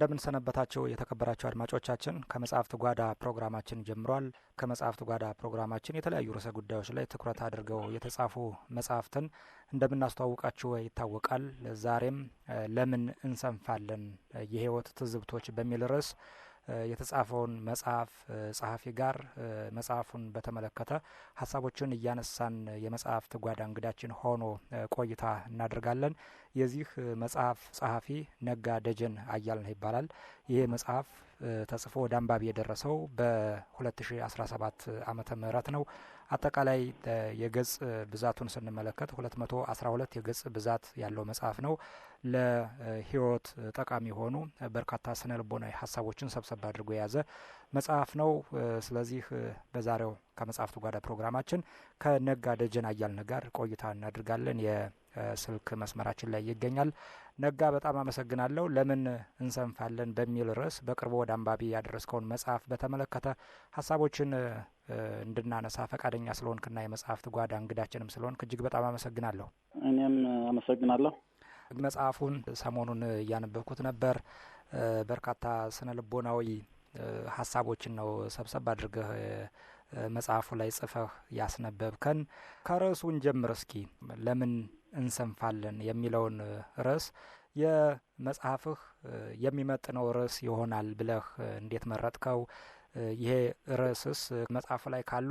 እንደምንሰነበታቸው የተከበራቸው አድማጮቻችን ከመጽሐፍት ጓዳ ፕሮግራማችን ጀምሯል። ከመጽሐፍት ጓዳ ፕሮግራማችን የተለያዩ ርዕሰ ጉዳዮች ላይ ትኩረት አድርገው የተጻፉ መጽሐፍትን እንደምናስተዋውቃችሁ ይታወቃል። ዛሬም ለምን እንሰንፋለን የህይወት ትዝብቶች በሚል ርዕስ የተጻፈውን መጽሐፍ ጸሐፊ ጋር መጽሐፉን በተመለከተ ሀሳቦችን እያነሳን የመጽሐፍ ትጓዳ እንግዳችን ሆኖ ቆይታ እናደርጋለን። የዚህ መጽሐፍ ጸሐፊ ነጋ ደጀን አያልነህ ይባላል። ይሄ መጽሐፍ ተጽፎ ወደ አንባቢ የደረሰው በ2017 ዓመተ ምህረት ነው። አጠቃላይ የገጽ ብዛቱን ስንመለከት 212 የገጽ ብዛት ያለው መጽሐፍ ነው። ለህይወት ጠቃሚ የሆኑ በርካታ ስነ ልቦናዊ ሀሳቦችን ሰብሰብ አድርጎ የያዘ መጽሐፍ ነው። ስለዚህ በዛሬው ከመጽሐፍቱ ጓዳ ፕሮግራማችን ከነጋ ደጀን ጋር ቆይታ እናድርጋለን። የስልክ መስመራችን ላይ ይገኛል። ነጋ በጣም አመሰግናለሁ። ለምን እንሰንፋለን በሚል ርዕስ በቅርቡ ወደ አንባቢ ያደረስከውን መጽሐፍ በተመለከተ ሀሳቦችን እንድናነሳ ፈቃደኛ ስለሆንክና የመጽሐፍት ጓዳ እንግዳችንም ስለሆንክ እጅግ በጣም አመሰግናለሁ። እኔም አመሰግናለሁ። መጽሐፉን ሰሞኑን እያነበብኩት ነበር። በርካታ ስነ ልቦናዊ ሀሳቦችን ነው ሰብሰብ አድርገህ መጽሐፉ ላይ ጽፈህ ያስነበብከን። ከርዕሱን ጀምር እስኪ ለምን እንሰንፋለን የሚለውን ርዕስ የመጽሐፍህ የሚመጥነው ርዕስ ይሆናል ብለህ እንዴት መረጥከው? ይሄ ርዕስስ መጽሐፉ ላይ ካሉ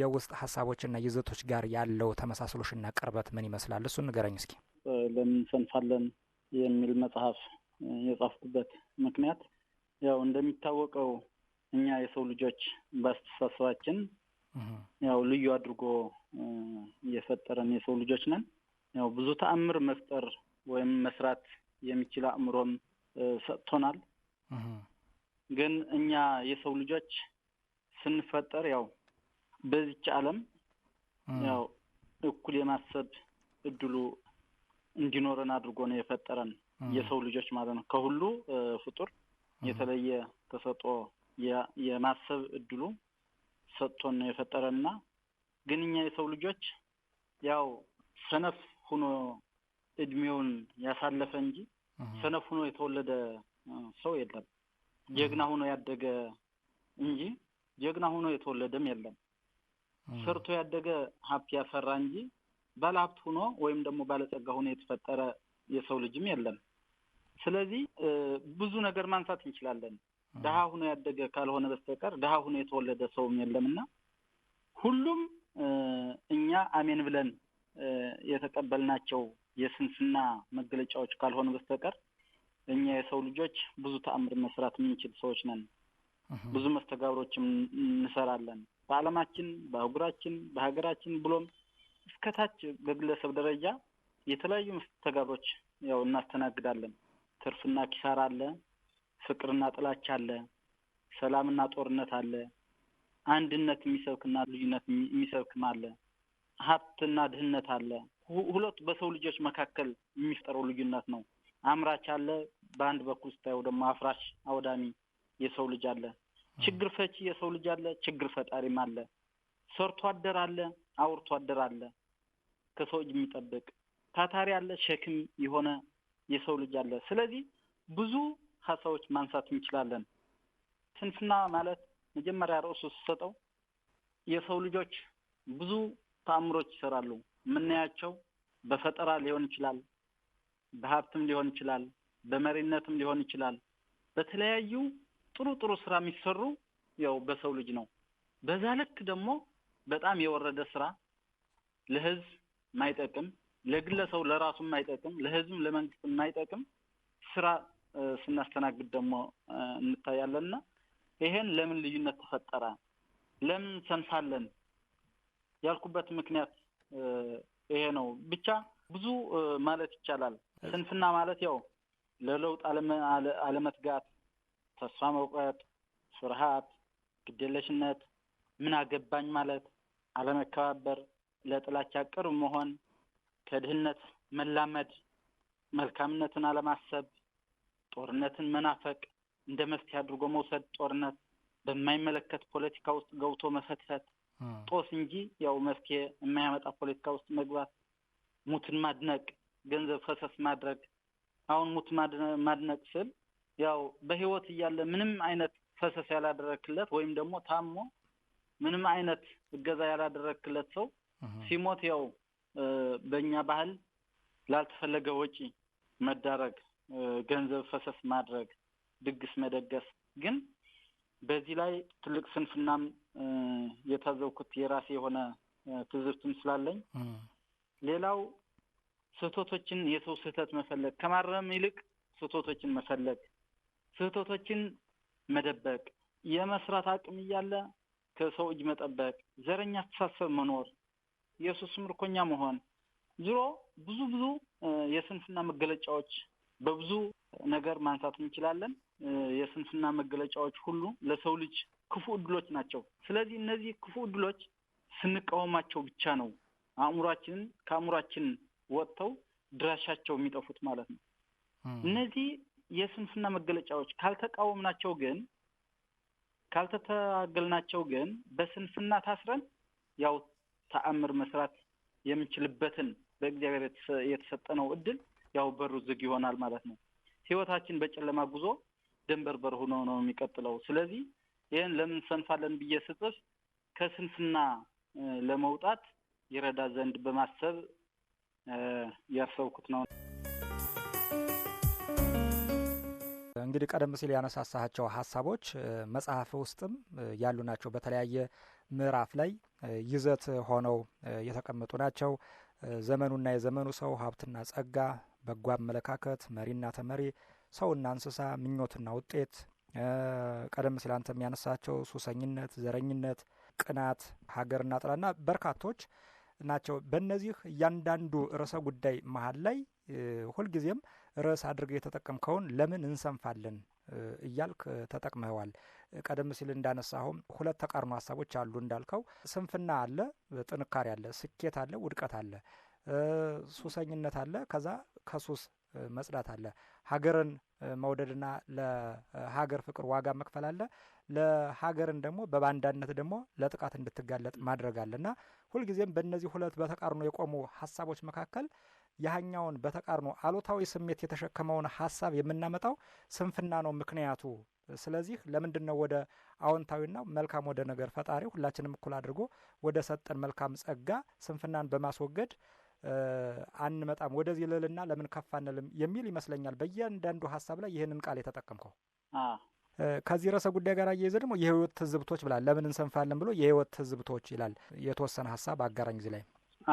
የውስጥ ሀሳቦችና ይዘቶች ጋር ያለው ተመሳስሎሽና ቅርበት ምን ይመስላል? እሱን ንገረኝ እስኪ። ለምን እንሰንፋለን የሚል መጽሐፍ የጻፍኩበት ምክንያት ያው እንደሚታወቀው እኛ የሰው ልጆች በአስተሳሰባችን ያው ልዩ አድርጎ የፈጠረን የሰው ልጆች ነን። ያው ብዙ ተአምር መፍጠር ወይም መስራት የሚችል አእምሮም ሰጥቶናል። ግን እኛ የሰው ልጆች ስንፈጠር ያው በዚች ዓለም ያው እኩል የማሰብ እድሉ እንዲኖረን አድርጎ ነው የፈጠረን የሰው ልጆች ማለት ነው። ከሁሉ ፍጡር የተለየ ተሰጦ የማሰብ እድሉ ሰጥቶን ነው የፈጠረን እና ግን እኛ የሰው ልጆች ያው ሰነፍ ሁኖ እድሜውን ያሳለፈ እንጂ ሰነፍ ሁኖ የተወለደ ሰው የለም። ጀግና ሁኖ ያደገ እንጂ ጀግና ሁኖ የተወለደም የለም። ሰርቶ ያደገ ሀብት ያፈራ እንጂ ባለሀብት ሁኖ ወይም ደግሞ ባለጸጋ ሁኖ የተፈጠረ የሰው ልጅም የለም። ስለዚህ ብዙ ነገር ማንሳት እንችላለን። ድሀ ሁኖ ያደገ ካልሆነ በስተቀር ድሀ ሁኖ የተወለደ ሰውም የለም እና ሁሉም እኛ አሜን ብለን የተቀበልናቸው የስንፍና መገለጫዎች ካልሆኑ በስተቀር እኛ የሰው ልጆች ብዙ ተአምር መስራት የምንችል ሰዎች ነን። ብዙ መስተጋብሮችም እንሰራለን። በዓለማችን፣ በአህጉራችን፣ በሀገራችን ብሎም እስከታች በግለሰብ ደረጃ የተለያዩ መስተጋብሮች ያው እናስተናግዳለን። ትርፍና ኪሳራ አለ፣ ፍቅርና ጥላቻ አለ፣ ሰላምና ጦርነት አለ፣ አንድነት የሚሰብክና ልዩነት የሚሰብክም አለ። ሀብትና ድህነት አለ። ሁለቱ በሰው ልጆች መካከል የሚፈጠረው ልዩነት ነው። አምራች አለ፣ በአንድ በኩል ስታየው ደግሞ አፍራሽ አውዳሚ የሰው ልጅ አለ። ችግር ፈቺ የሰው ልጅ አለ፣ ችግር ፈጣሪም አለ። ሰርቶ አደር አለ፣ አውርቶ አደር አለ፣ ከሰው እጅ የሚጠብቅ ታታሪ አለ፣ ሸክም የሆነ የሰው ልጅ አለ። ስለዚህ ብዙ ሀሳቦች ማንሳት እንችላለን። ስንፍና ማለት መጀመሪያ ርዕሱ ስሰጠው የሰው ልጆች ብዙ ታምሮች ይሰራሉ። የምናያቸው በፈጠራ ሊሆን ይችላል፣ በሀብትም ሊሆን ይችላል፣ በመሪነትም ሊሆን ይችላል። በተለያዩ ጥሩ ጥሩ ስራ የሚሰሩ ያው በሰው ልጅ ነው። በዛ ልክ ደግሞ በጣም የወረደ ስራ ለህዝብ ማይጠቅም ለግለሰቡ ለራሱ ማይጠቅም ለህዝብም ለመንግስት የማይጠቅም ስራ ስናስተናግድ ደግሞ እንታያለን እና ይሄን ለምን ልዩነት ተፈጠረ? ለምን ሰንሳለን? ያልኩበት ምክንያት ይሄ ነው። ብቻ ብዙ ማለት ይቻላል። ስንፍና ማለት ያው ለለውጥ አለመትጋት፣ ተስፋ መቁረጥ፣ ፍርሃት፣ ግዴለሽነት፣ ምን አገባኝ ማለት፣ አለመከባበር፣ ለጥላቻ ቅርብ መሆን፣ ከድህነት መላመድ፣ መልካምነትን አለማሰብ፣ ጦርነትን መናፈቅ፣ እንደ መፍትሄ አድርጎ መውሰድ ጦርነት፣ በማይመለከት ፖለቲካ ውስጥ ገብቶ መፈትፈት፣ ጦስ እንጂ ያው መፍትሄ የማያመጣ ፖለቲካ ውስጥ መግባት፣ ሙትን ማድነቅ፣ ገንዘብ ፈሰስ ማድረግ። አሁን ሙት ማድነቅ ስል ያው በህይወት እያለ ምንም አይነት ፈሰስ ያላደረክለት ወይም ደግሞ ታሞ ምንም አይነት እገዛ ያላደረክለት ሰው ሲሞት ያው በእኛ ባህል ላልተፈለገ ወጪ መዳረግ፣ ገንዘብ ፈሰስ ማድረግ፣ ድግስ መደገስ ግን በዚህ ላይ ትልቅ ስንፍናም የታዘብኩት የራሴ የሆነ ትዝብትም ስላለኝ፣ ሌላው ስህተቶችን የሰው ስህተት መፈለግ ከማረም ይልቅ ስህተቶችን መፈለግ፣ ስህተቶችን መደበቅ፣ የመስራት አቅም እያለ ከሰው እጅ መጠበቅ፣ ዘረኛ አስተሳሰብ መኖር፣ የሱስ ምርኮኛ መሆን፣ ዝሮ ብዙ ብዙ የስንፍና መገለጫዎች በብዙ ነገር ማንሳት እንችላለን። የስንፍና መገለጫዎች ሁሉ ለሰው ልጅ ክፉ እድሎች ናቸው። ስለዚህ እነዚህ ክፉ እድሎች ስንቃወማቸው ብቻ ነው አእምሯችንን ከአእምሯችን ወጥተው ድራሻቸው የሚጠፉት ማለት ነው። እነዚህ የስንፍና መገለጫዎች ካልተቃወምናቸው ግን ካልተታገልናቸው ግን በስንፍና ታስረን ያው ተአምር መስራት የምንችልበትን በእግዚአብሔር የተሰጠነው እድል ያው በሩ ዝግ ይሆናል ማለት ነው። ህይወታችን በጨለማ ጉዞ ደንበርበር ሆኖ ነው የሚቀጥለው። ስለዚህ ይህን ለምን ሰንፋለን ብዬ ስጽፍ ከስንፍና ለመውጣት ይረዳ ዘንድ በማሰብ ያሰብኩት ነው። እንግዲህ ቀደም ሲል ያነሳሳቸው ሀሳቦች መጽሐፍ ውስጥም ያሉ ናቸው። በተለያየ ምዕራፍ ላይ ይዘት ሆነው የተቀመጡ ናቸው። ዘመኑና የዘመኑ ሰው፣ ሀብትና ጸጋ፣ በጎ አመለካከት፣ መሪና ተመሪ፣ ሰውና እንስሳ፣ ምኞትና ውጤት ቀደም ሲል አንተ የሚያነሳቸው ሱሰኝነት፣ ዘረኝነት፣ ቅናት፣ ሀገርና ጥላና በርካቶች ናቸው። በእነዚህ እያንዳንዱ ርዕሰ ጉዳይ መሀል ላይ ሁልጊዜም ርዕስ አድርገህ የተጠቀምከውን ለምን እንሰንፋለን እያልክ ተጠቅመዋል። ቀደም ሲል እንዳነሳሁም ሁለት ተቃርኖ ሀሳቦች አሉ እንዳልከው ስንፍና አለ፣ ጥንካሬ አለ፣ ስኬት አለ፣ ውድቀት አለ። ሱሰኝነት አለ። ከዛ ከሱስ መጽዳት አለ። ሀገርን መውደድና ለሀገር ፍቅር ዋጋ መክፈል አለ። ለሀገርን ደግሞ በባንዳነት ደግሞ ለጥቃት እንድትጋለጥ ማድረግ አለና ሁልጊዜም በእነዚህ ሁለት በተቃርኖ የቆሙ ሀሳቦች መካከል ያህኛውን በተቃርኖ አሉታዊ ስሜት የተሸከመውን ሀሳብ የምናመጣው ስንፍና ነው ምክንያቱ። ስለዚህ ለምንድን ነው ወደ አዎንታዊና መልካም ወደ ነገር ፈጣሪ ሁላችንም እኩል አድርጎ ወደ ሰጠን መልካም ጸጋ ስንፍናን በማስወገድ አንመጣም ወደዚህ ልልና ለምን ከፍ አንልም የሚል ይመስለኛል። በእያንዳንዱ ሀሳብ ላይ ይህንን ቃል የተጠቀምከው ከዚህ ርዕሰ ጉዳይ ጋር አያይዘ ደግሞ የህይወት ትዝብቶች ብላል። ለምን እንሰንፋለን ብሎ የህይወት ትዝብቶች ይላል። የተወሰነ ሀሳብ አጋራኝ እዚህ ላይ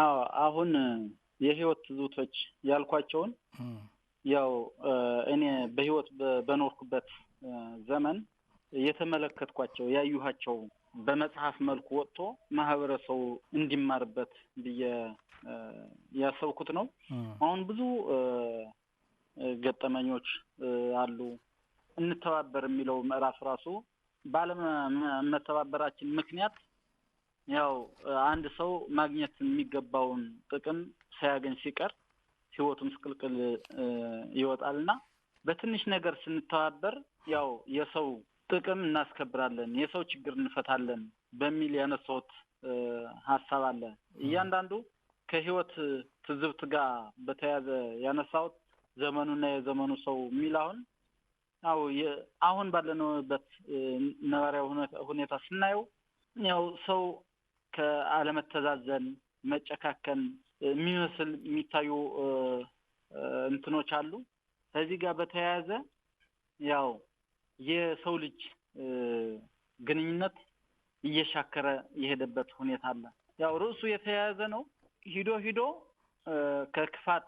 አዎ። አሁን የህይወት ትዝብቶች ያልኳቸውን ያው እኔ በህይወት በኖርኩበት ዘመን የተመለከትኳቸው ያዩኋቸው በመጽሐፍ መልኩ ወጥቶ ማህበረሰቡ እንዲማርበት ብዬ ያሰብኩት ነው። አሁን ብዙ ገጠመኞች አሉ። እንተባበር የሚለው ምዕራፍ ራሱ ባለመተባበራችን ምክንያት ያው አንድ ሰው ማግኘት የሚገባውን ጥቅም ሳያገኝ ሲቀር ህይወቱም ምስቅልቅል ይወጣልና በትንሽ ነገር ስንተባበር ያው የሰው ጥቅም እናስከብራለን፣ የሰው ችግር እንፈታለን በሚል ያነሳሁት ሀሳብ አለ። እያንዳንዱ ከህይወት ትዝብት ጋር በተያያዘ ያነሳሁት ዘመኑና የዘመኑ ሰው የሚል አሁን አው አሁን ባለንበት ነባሪያ ሁኔታ ስናየው ያው ሰው ከአለመተዛዘን መጨካከን የሚመስል የሚታዩ እንትኖች አሉ። ከዚህ ጋር በተያያዘ ያው የሰው ልጅ ግንኙነት እየሻከረ የሄደበት ሁኔታ አለ። ያው ርዕሱ የተያያዘ ነው። ሂዶ ሂዶ ከክፋት፣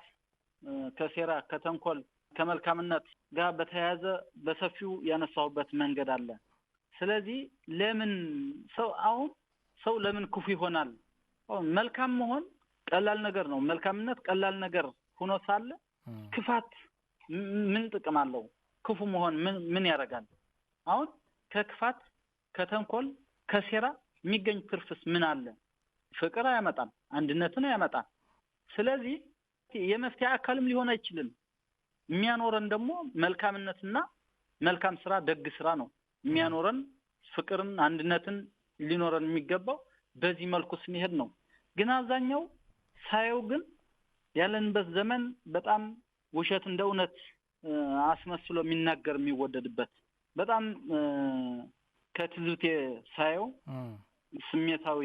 ከሴራ፣ ከተንኮል፣ ከመልካምነት ጋር በተያያዘ በሰፊው ያነሳሁበት መንገድ አለ። ስለዚህ ለምን ሰው አሁን ሰው ለምን ክፉ ይሆናል? መልካም መሆን ቀላል ነገር ነው። መልካምነት ቀላል ነገር ሆኖ ሳለ ክፋት ምን ጥቅም አለው? ክፉ መሆን ምን ምን ያደርጋል? አሁን ከክፋት ከተንኮል ከሴራ የሚገኝ ትርፍስ ምን አለ? ፍቅር አያመጣም፣ አንድነትን አያመጣም። ስለዚህ የመፍትሄ አካልም ሊሆን አይችልም። የሚያኖረን ደግሞ መልካምነትና መልካም ስራ፣ ደግ ስራ ነው የሚያኖረን። ፍቅርን፣ አንድነትን ሊኖረን የሚገባው በዚህ መልኩ ስንሄድ ነው። ግን አብዛኛው ሳየው ግን ያለንበት ዘመን በጣም ውሸት እንደ እውነት አስመስሎ የሚናገር የሚወደድበት በጣም ከትዝብቴ ሳየው ስሜታዊ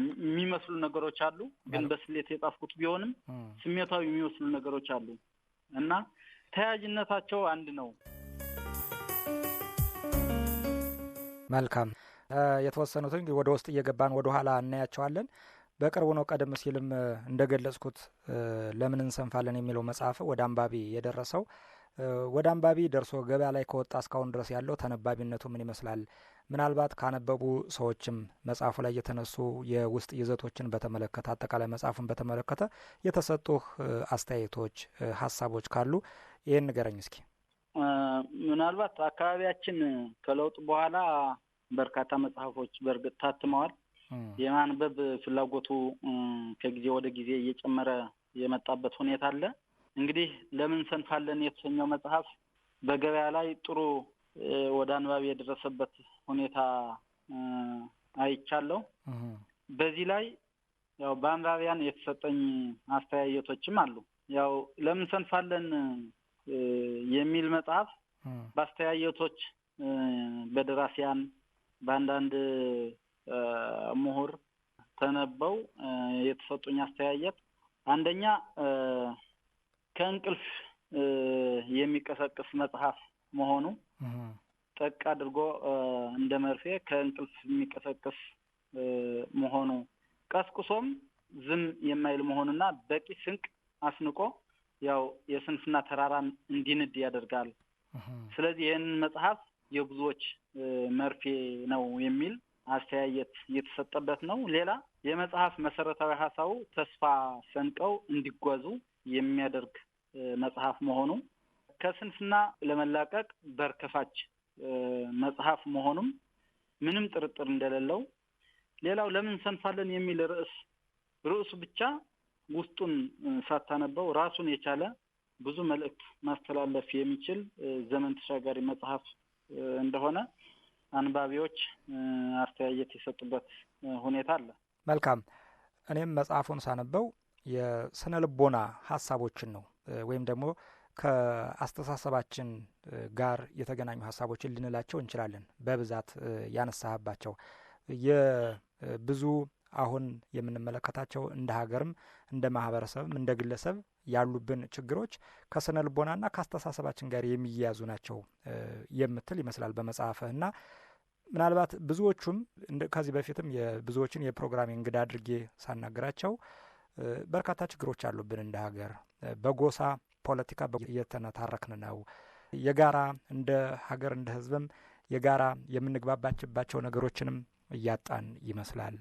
የሚመስሉ ነገሮች አሉ። ግን በስሌት የጻፍኩት ቢሆንም ስሜታዊ የሚመስሉ ነገሮች አሉ እና ተያያዥነታቸው አንድ ነው። መልካም የተወሰኑትን ወደ ውስጥ እየገባን ወደ ኋላ እናያቸዋለን። በቅርቡ ነው ቀደም ሲልም እንደገለጽኩት ለምን እንሰንፋለን የሚለው መጽሐፍ ወደ አንባቢ የደረሰው ወደ አንባቢ ደርሶ ገበያ ላይ ከወጣ እስካሁን ድረስ ያለው ተነባቢነቱ ምን ይመስላል? ምናልባት ካነበቡ ሰዎችም መጽሐፉ ላይ የተነሱ የውስጥ ይዘቶችን በተመለከተ አጠቃላይ መጽሐፉን በተመለከተ የተሰጡህ አስተያየቶች፣ ሀሳቦች ካሉ ይህን ንገረኝ እስኪ። ምናልባት አካባቢያችን ከለውጥ በኋላ በርካታ መጽሐፎች በእርግጥ ታትመዋል። የማንበብ ፍላጎቱ ከጊዜ ወደ ጊዜ እየጨመረ የመጣበት ሁኔታ አለ። እንግዲህ ለምን ሰንፋለን የተሰኘው መጽሐፍ በገበያ ላይ ጥሩ ወደ አንባቢ የደረሰበት ሁኔታ አይቻለሁ። በዚህ ላይ ያው በአንባቢያን የተሰጠኝ አስተያየቶችም አሉ። ያው ለምን ሰንፋለን የሚል መጽሐፍ በአስተያየቶች በደራሲያን በአንዳንድ ምሁር ተነበው የተሰጡኝ አስተያየት አንደኛ ከእንቅልፍ የሚቀሰቅስ መጽሐፍ መሆኑ ጠቅ አድርጎ እንደ መርፌ ከእንቅልፍ የሚቀሰቅስ መሆኑ ቀስቁሶም ዝም የማይል መሆኑና በቂ ስንቅ አስንቆ ያው የስንፍና ተራራን እንዲንድ ያደርጋል። ስለዚህ ይህንን መጽሐፍ የብዙዎች መርፌ ነው የሚል አስተያየት እየተሰጠበት ነው። ሌላ የመጽሐፍ መሰረታዊ ሀሳቡ ተስፋ ሰንቀው እንዲጓዙ የሚያደርግ መጽሐፍ መሆኑ ከስንፍና ለመላቀቅ በር ከፋች መጽሐፍ መሆኑም ምንም ጥርጥር እንደሌለው፣ ሌላው ለምን ሰንፋለን የሚል ርዕስ ርዕሱ ብቻ ውስጡን ሳታነበው ራሱን የቻለ ብዙ መልእክት ማስተላለፍ የሚችል ዘመን ተሻጋሪ መጽሐፍ እንደሆነ አንባቢዎች አስተያየት የሰጡበት ሁኔታ አለ። መልካም። እኔም መጽሐፉን ሳነበው የስነ ልቦና ሀሳቦችን ነው ወይም ደግሞ ከአስተሳሰባችን ጋር የተገናኙ ሀሳቦችን ልንላቸው እንችላለን በብዛት ያነሳህባቸው የብዙ አሁን የምንመለከታቸው እንደ ሀገርም እንደ ማህበረሰብም እንደ ግለሰብ ያሉብን ችግሮች ከስነ ልቦናና ከአስተሳሰባችን ጋር የሚያያዙ ናቸው የምትል ይመስላል በመጽሐፍህ እና ምናልባት ብዙዎቹም ከዚህ በፊትም ብዙዎችን የፕሮግራም እንግዳ አድርጌ ሳናገራቸው በርካታ ችግሮች አሉብን እንደ ሀገር። በጎሳ ፖለቲካ እየተነታረክን ነው። የጋራ እንደ ሀገር እንደ ህዝብም የጋራ የምንግባባችባቸው ነገሮችንም እያጣን ይመስላል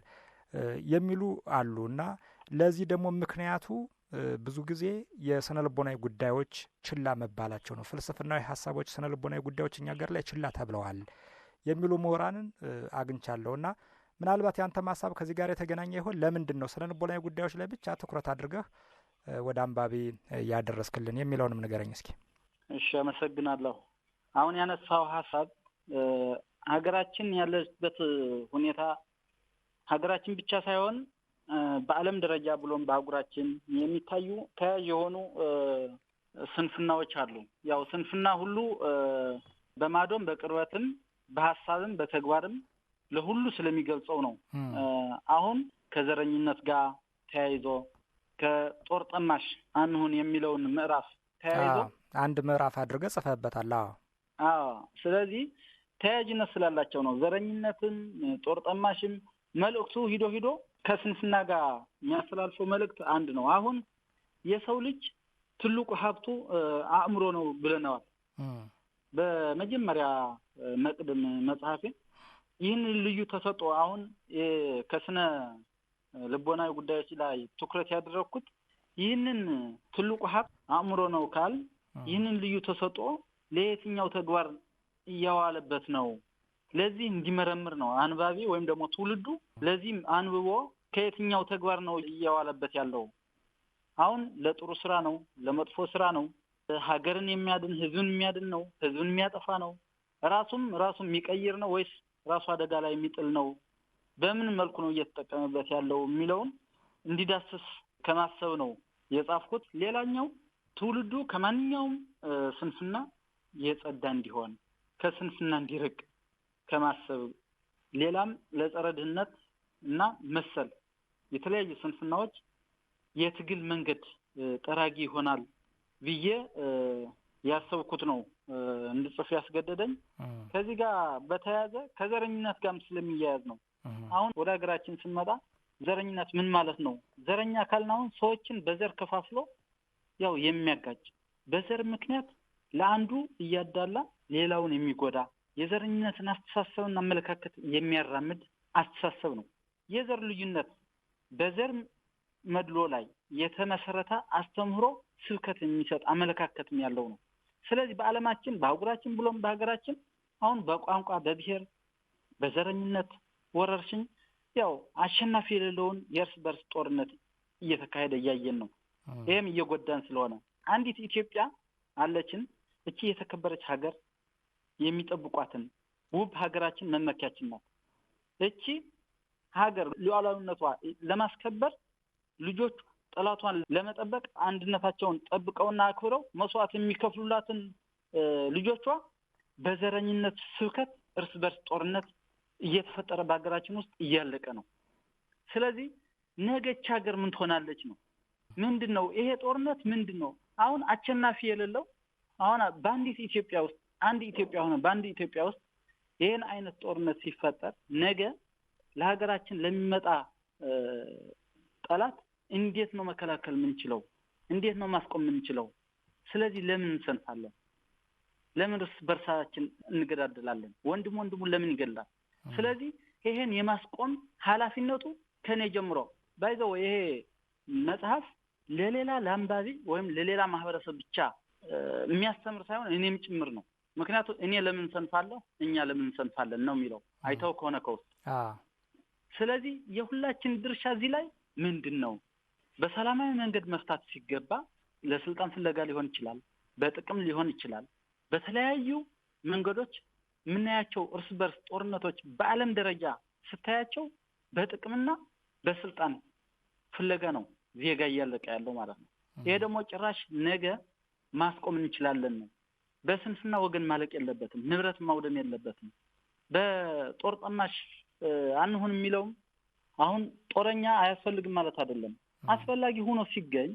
የሚሉ አሉ እና ለዚህ ደግሞ ምክንያቱ ብዙ ጊዜ የስነ ልቦናዊ ጉዳዮች ችላ መባላቸው ነው። ፍልስፍናዊ ሀሳቦች፣ ስነ ልቦናዊ ጉዳዮች እኛ ገር ላይ ችላ ተብለዋል የሚሉ ምሁራንን አግኝቻለሁ እና ምናልባት ያንተ ማሳብ ከዚህ ጋር የተገናኘ ይሆን? ለምንድን ነው ስነ ልቦናዊ ጉዳዮች ላይ ብቻ ትኩረት አድርገህ ወደ አንባቢ ያደረስክልን የሚለውንም ንገረኝ እስኪ። እሺ፣ አመሰግናለሁ። አሁን ያነሳው ሀሳብ ሀገራችን ያለበት ሁኔታ ሀገራችን ብቻ ሳይሆን በዓለም ደረጃ ብሎም በአህጉራችን የሚታዩ ተያያዥ የሆኑ ስንፍናዎች አሉ። ያው ስንፍና ሁሉ በማዶም በቅርበትም በሀሳብም በተግባርም ለሁሉ ስለሚገልጸው ነው። አሁን ከዘረኝነት ጋር ተያይዞ ከጦር ጠማሽ አንሁን የሚለውን ምዕራፍ ተያይዞ አንድ ምዕራፍ አድርገ ጽፈበታል። አዎ፣ ስለዚህ ተያያዥነት ስላላቸው ነው። ዘረኝነትም ጦር ጠማሽም መልእክቱ ሂዶ ሂዶ ከስንፍና ጋር የሚያስተላልፈው መልእክት አንድ ነው። አሁን የሰው ልጅ ትልቁ ሀብቱ አእምሮ ነው ብለነዋል። በመጀመሪያ መቅድም መጽሐፌ ይህን ልዩ ተሰጦ አሁን ከስነ ልቦናዊ ጉዳዮች ላይ ትኩረት ያደረግኩት ይህንን ትልቁ ሀብት አእምሮ ነው ካል ይህንን ልዩ ተሰጦ ለየትኛው ተግባር እያዋለበት ነው ለዚህ እንዲመረምር ነው አንባቢ ወይም ደግሞ ትውልዱ ለዚህም አንብቦ ከየትኛው ተግባር ነው እያዋለበት ያለው አሁን ለጥሩ ስራ ነው ለመጥፎ ስራ ነው ሀገርን የሚያድን ህዝብን የሚያድን ነው ህዝብን የሚያጠፋ ነው ራሱም ራሱ የሚቀይር ነው ወይስ ራሱ አደጋ ላይ የሚጥል ነው በምን መልኩ ነው እየተጠቀመበት ያለው የሚለውን እንዲዳስስ ከማሰብ ነው የጻፍኩት ሌላኛው ትውልዱ ከማንኛውም ስንፍና የጸዳ እንዲሆን ከስንፍና እንዲርቅ ከማሰብ ሌላም ለጸረ ድህነት እና መሰል የተለያዩ ስንፍናዎች የትግል መንገድ ጠራጊ ይሆናል ብዬ ያሰብኩት ነው እንድጽፍ ያስገደደኝ። ከዚህ ጋር በተያያዘ ከዘረኝነት ጋርም ስለሚያያዝ ነው። አሁን ወደ ሀገራችን ስንመጣ ዘረኝነት ምን ማለት ነው? ዘረኛ ካልን አሁን ሰዎችን በዘር ከፋፍሎ ያው የሚያጋጭ በዘር ምክንያት ለአንዱ እያዳላ ሌላውን የሚጎዳ የዘረኝነትን አስተሳሰብና አመለካከት የሚያራምድ አስተሳሰብ ነው። የዘር ልዩነት በዘር መድሎ ላይ የተመሰረተ አስተምህሮ ስብከት የሚሰጥ አመለካከትም ያለው ነው። ስለዚህ በዓለማችን በአህጉራችን ብሎም በሀገራችን አሁን በቋንቋ በብሔር በዘረኝነት ወረርሽኝ ያው አሸናፊ የሌለውን የእርስ በርስ ጦርነት እየተካሄደ እያየን ነው። ይህም እየጎዳን ስለሆነ አንዲት ኢትዮጵያ አለችን። እቺ የተከበረች ሀገር የሚጠብቋትን ውብ ሀገራችን መመኪያችን ናት። እቺ ሀገር ሉዓላዊነቷ ለማስከበር ልጆቹ ጠላቷን ለመጠበቅ አንድነታቸውን ጠብቀውና አክብረው መስዋዕት የሚከፍሉላትን ልጆቿ በዘረኝነት ስብከት እርስ በርስ ጦርነት እየተፈጠረ በሀገራችን ውስጥ እያለቀ ነው። ስለዚህ ነገች ሀገር ምን ትሆናለች ነው? ምንድን ነው ይሄ ጦርነት? ምንድን ነው አሁን አሸናፊ የሌለው አሁን በአንዲት ኢትዮጵያ ውስጥ አንድ ኢትዮጵያ ሆነ በአንድ ኢትዮጵያ ውስጥ ይህን አይነት ጦርነት ሲፈጠር ነገ ለሀገራችን ለሚመጣ ጠላት እንዴት ነው መከላከል የምንችለው? እንዴት ነው ማስቆም የምንችለው? ስለዚህ ለምን እንሰንፋለን? ለምን እርስ በርሳችን እንገዳደላለን? ወንድም ወንድሙን ለምን ይገድላል? ስለዚህ ይሄን የማስቆም ኃላፊነቱ ከኔ ጀምሮ ባይዘው ይሄ መጽሐፍ ለሌላ ለአንባቢ ወይም ለሌላ ማህበረሰብ ብቻ የሚያስተምር ሳይሆን እኔም ጭምር ነው። ምክንያቱም እኔ ለምን ሰንፋለሁ እኛ ለምን ሰንፋለን ነው የሚለው አይተው ከሆነ ከውስጥ። ስለዚህ የሁላችን ድርሻ እዚህ ላይ ምንድን ነው? በሰላማዊ መንገድ መፍታት ሲገባ ለስልጣን ፍለጋ ሊሆን ይችላል፣ በጥቅም ሊሆን ይችላል። በተለያዩ መንገዶች የምናያቸው እርስ በርስ ጦርነቶች በአለም ደረጃ ስታያቸው በጥቅምና በስልጣን ፍለጋ ነው ዜጋ እያለቀ ያለው ማለት ነው። ይሄ ደግሞ ጭራሽ ነገ ማስቆም እንችላለን ነው በስንፍና ወገን ማለቅ የለበትም። ንብረት ማውደም የለበትም። በጦር ጠማሽ አንሁን የሚለውም አሁን ጦረኛ አያስፈልግም ማለት አይደለም። አስፈላጊ ሆኖ ሲገኝ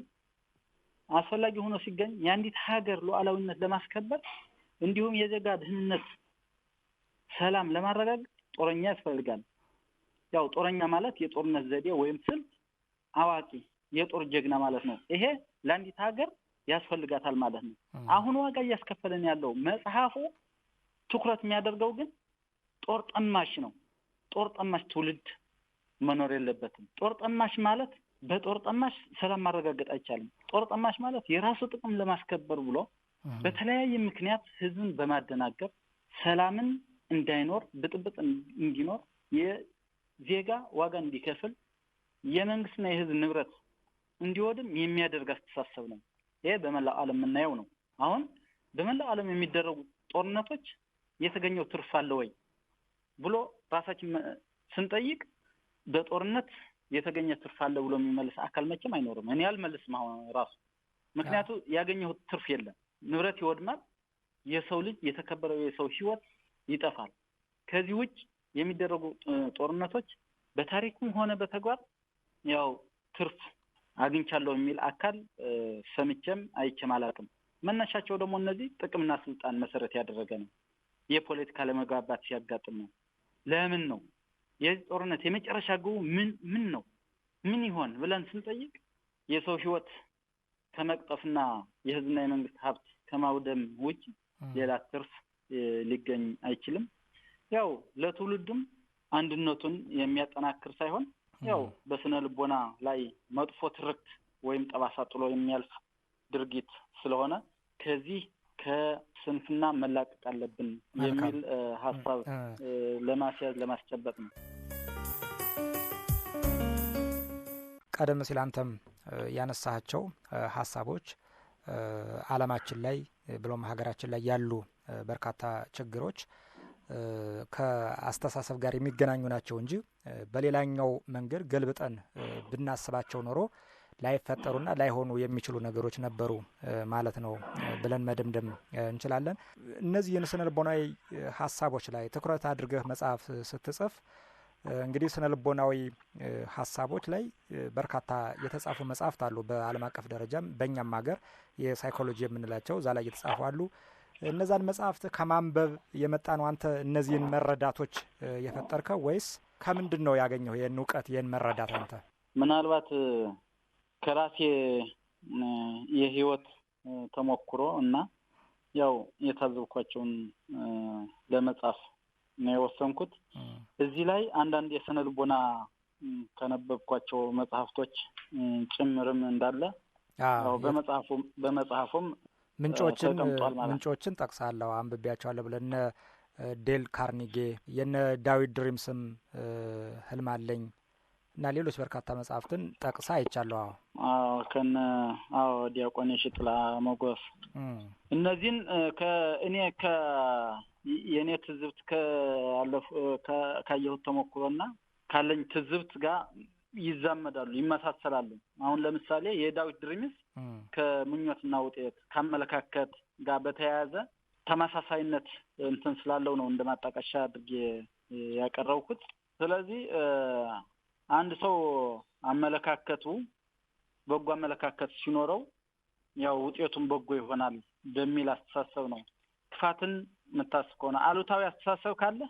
አስፈላጊ ሆኖ ሲገኝ የአንዲት ሀገር ሉዓላዊነት ለማስከበር እንዲሁም የዜጋ ድህንነት ሰላም ለማረጋገጥ ጦረኛ ያስፈልጋል። ያው ጦረኛ ማለት የጦርነት ዘዴ ወይም ስልት አዋቂ የጦር ጀግና ማለት ነው። ይሄ ለአንዲት ሀገር ያስፈልጋታል ማለት ነው። አሁን ዋጋ እያስከፈለን ያለው መጽሐፉ ትኩረት የሚያደርገው ግን ጦር ጠማሽ ነው። ጦር ጠማሽ ትውልድ መኖር የለበትም። ጦር ጠማሽ ማለት በጦር ጠማሽ ሰላም ማረጋገጥ አይቻልም። ጦር ጠማሽ ማለት የራሱ ጥቅም ለማስከበር ብሎ በተለያየ ምክንያት ህዝብን በማደናገር ሰላምን እንዳይኖር ብጥብጥ እንዲኖር የዜጋ ዋጋ እንዲከፍል የመንግስትና የህዝብ ንብረት እንዲወድም የሚያደርግ አስተሳሰብ ነው። ይሄ በመላው ዓለም የምናየው ነው። አሁን በመላው ዓለም የሚደረጉ ጦርነቶች የተገኘው ትርፍ አለ ወይ ብሎ ራሳችን ስንጠይቅ በጦርነት የተገኘ ትርፍ አለ ብሎ የሚመልስ አካል መቼም አይኖርም። እኔ አልመልስም አሁን ራሱ ምክንያቱ ያገኘሁት ትርፍ የለም። ንብረት ይወድማል። የሰው ልጅ የተከበረው የሰው ሕይወት ይጠፋል። ከዚህ ውጭ የሚደረጉ ጦርነቶች በታሪኩም ሆነ በተግባር ያው ትርፍ አግኝቻለሁ የሚል አካል ሰምቼም አይቼም አላውቅም። መነሻቸው ደግሞ እነዚህ ጥቅምና ስልጣን መሰረት ያደረገ ነው። የፖለቲካ ለመግባባት ሲያጋጥም ነው። ለምን ነው የዚህ ጦርነት የመጨረሻ ግቡ ምን ምን ነው ምን ይሆን ብለን ስንጠይቅ የሰው ህይወት ከመቅጠፍና የህዝብና የመንግስት ሀብት ከማውደም ውጭ ሌላ ትርፍ ሊገኝ አይችልም። ያው ለትውልድም አንድነቱን የሚያጠናክር ሳይሆን ያው በስነ ልቦና ላይ መጥፎ ትርክት ወይም ጠባሳ ጥሎ የሚያልፍ ድርጊት ስለሆነ ከዚህ ከስንፍና መላቀቅ አለብን የሚል ሀሳብ ለማስያዝ ለማስጨበጥ ነው። ቀደም ሲል አንተም ያነሳቸው ሀሳቦች አለማችን ላይ ብሎም ሀገራችን ላይ ያሉ በርካታ ችግሮች ከአስተሳሰብ ጋር የሚገናኙ ናቸው እንጂ በሌላኛው መንገድ ገልብጠን ብናስባቸው ኖሮ ላይፈጠሩና ላይሆኑ የሚችሉ ነገሮች ነበሩ ማለት ነው ብለን መደምደም እንችላለን። እነዚህ የስነ ልቦናዊ ሀሳቦች ላይ ትኩረት አድርገህ መጽሐፍ ስትጽፍ እንግዲህ ስነ ልቦናዊ ሀሳቦች ላይ በርካታ የተጻፉ መጽሐፍት አሉ። በዓለም አቀፍ ደረጃም በእኛም ሀገር የሳይኮሎጂ የምንላቸው እዛ ላይ እየተጻፉ አሉ። እነዛን መጽሐፍት ከማንበብ የመጣ ነው አንተ እነዚህን መረዳቶች የፈጠርከው ወይስ ከምንድን ነው ያገኘው ይህን እውቀት ይህን መረዳት? አንተ ምናልባት ከራሴ የህይወት ተሞክሮ እና ያው የታዘብኳቸውን ለመጻፍ ነው የወሰንኩት። እዚህ ላይ አንዳንድ የስነ ልቦና ከነበብኳቸው መጽሐፍቶች ጭምርም እንዳለ በመጽሐፉም ምንጮችን ምንጮችን ጠቅሳለሁ አንብቤያቸዋለሁ ብለን እነ ዴል ካርኒጌ የነ ዳዊት ድሪምስም ህልም አለኝ እና ሌሎች በርካታ መጽሐፍትን ጠቅሳ አይቻለሁ። አዎ ከነ አዎ ዲያቆን የሽጥላ መጎፍ እነዚህን ከእኔ ከ የእኔ ትዝብት ከአለፉ ካየሁት ተሞክሮና ካለኝ ትዝብት ጋር ይዛመዳሉ፣ ይመሳሰላሉ። አሁን ለምሳሌ የዳዊት ድሪምስ ከምኞትና ውጤት ከአመለካከት ጋር በተያያዘ ተመሳሳይነት እንትን ስላለው ነው እንደ ማጣቀሻ አድርጌ ያቀረብኩት። ስለዚህ አንድ ሰው አመለካከቱ በጎ አመለካከት ሲኖረው ያው ውጤቱን በጎ ይሆናል በሚል አስተሳሰብ ነው። ክፋትን የምታስብ ከሆነ አሉታዊ አስተሳሰብ ካለ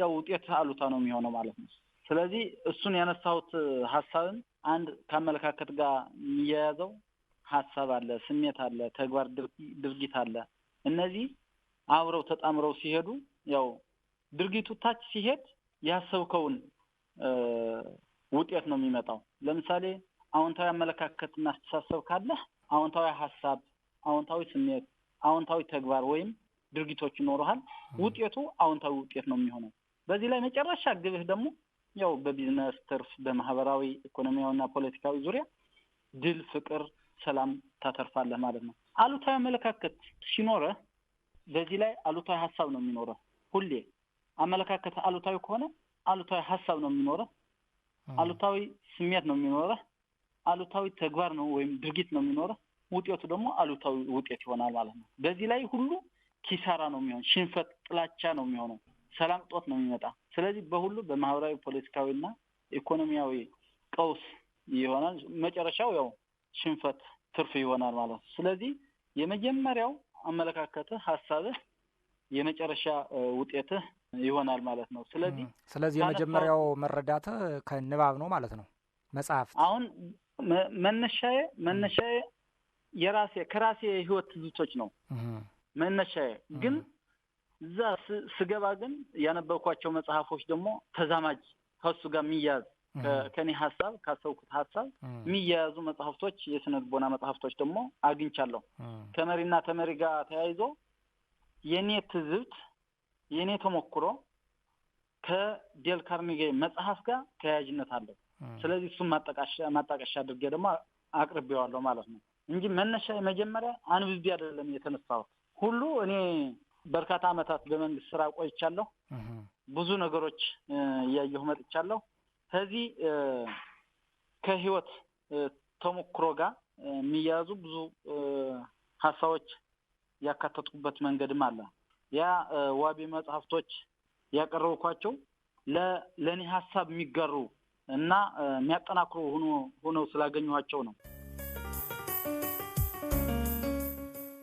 ያው ውጤት አሉታ ነው የሚሆነው ማለት ነው። ስለዚህ እሱን ያነሳሁት ሀሳብን አንድ ከአመለካከት ጋር የሚያያዘው ሀሳብ አለ፣ ስሜት አለ፣ ተግባር ድርጊት አለ። እነዚህ አብረው ተጣምረው ሲሄዱ ያው ድርጊቱ ታች ሲሄድ ያሰብከውን ውጤት ነው የሚመጣው። ለምሳሌ አዎንታዊ አመለካከት እና አስተሳሰብ ካለህ አዎንታዊ ሀሳብ፣ አዎንታዊ ስሜት፣ አዎንታዊ ተግባር ወይም ድርጊቶች ይኖረሃል። ውጤቱ አዎንታዊ ውጤት ነው የሚሆነው። በዚህ ላይ መጨረሻ ግብህ ደግሞ ያው በቢዝነስ ትርፍ፣ በማህበራዊ ኢኮኖሚያዊና ፖለቲካዊ ዙሪያ ድል፣ ፍቅር ሰላም ታተርፋለህ ማለት ነው። አሉታዊ አመለካከት ሲኖረህ በዚህ ላይ አሉታዊ ሀሳብ ነው የሚኖረህ። ሁሌ አመለካከት አሉታዊ ከሆነ አሉታዊ ሀሳብ ነው የሚኖረህ፣ አሉታዊ ስሜት ነው የሚኖረህ፣ አሉታዊ ተግባር ነው ወይም ድርጊት ነው የሚኖረህ። ውጤቱ ደግሞ አሉታዊ ውጤት ይሆናል ማለት ነው። በዚህ ላይ ሁሉ ኪሳራ ነው የሚሆን፣ ሽንፈት፣ ጥላቻ ነው የሚሆነው፣ ሰላም ጦት ነው የሚመጣ። ስለዚህ በሁሉ በማህበራዊ ፖለቲካዊና ኢኮኖሚያዊ ቀውስ ይሆናል። መጨረሻው ያው ሽንፈት ትርፍ ይሆናል ማለት ነው። ስለዚህ የመጀመሪያው አመለካከትህ፣ ሀሳብህ የመጨረሻ ውጤትህ ይሆናል ማለት ነው። ስለዚህ ስለዚህ የመጀመሪያው መረዳትህ ከንባብ ነው ማለት ነው። መጽሐፍ አሁን መነሻዬ መነሻዬ የራሴ ከራሴ የህይወት ትዝቶች ነው መነሻዬ ግን እዛ ስገባ ግን ያነበብኳቸው መጽሐፎች ደግሞ ተዛማጅ ከሱ ጋር የሚያዝ ከኔ ሀሳብ ካሰብኩት ሀሳብ የሚያያዙ መጽሐፍቶች፣ የስነ ልቦና መጽሐፍቶች ደግሞ አግኝቻለሁ። ከመሪና ተመሪ ጋር ተያይዞ የእኔ ትዝብት የእኔ ተሞክሮ ከዴል ካርኒጌ መጽሐፍ ጋር ተያያዥነት አለው። ስለዚህ እሱም ማጣቀሻ አድርጌ ደግሞ አቅርቤዋለሁ ማለት ነው እንጂ መነሻ መጀመሪያ አንብቤ አይደለም የተነሳሁት። ሁሉ እኔ በርካታ ዓመታት በመንግስት ስራ ቆይቻለሁ። ብዙ ነገሮች እያየሁ መጥቻለሁ። ከዚህ ከህይወት ተሞክሮ ጋር የሚያያዙ ብዙ ሀሳቦች ያካተቱበት መንገድም አለ። ያ ዋቢ መጽሐፍቶች ያቀረብኳቸው ለእኔ ሀሳብ የሚጋሩ እና የሚያጠናክሩ ሆነው ስላገኘኋቸው ነው።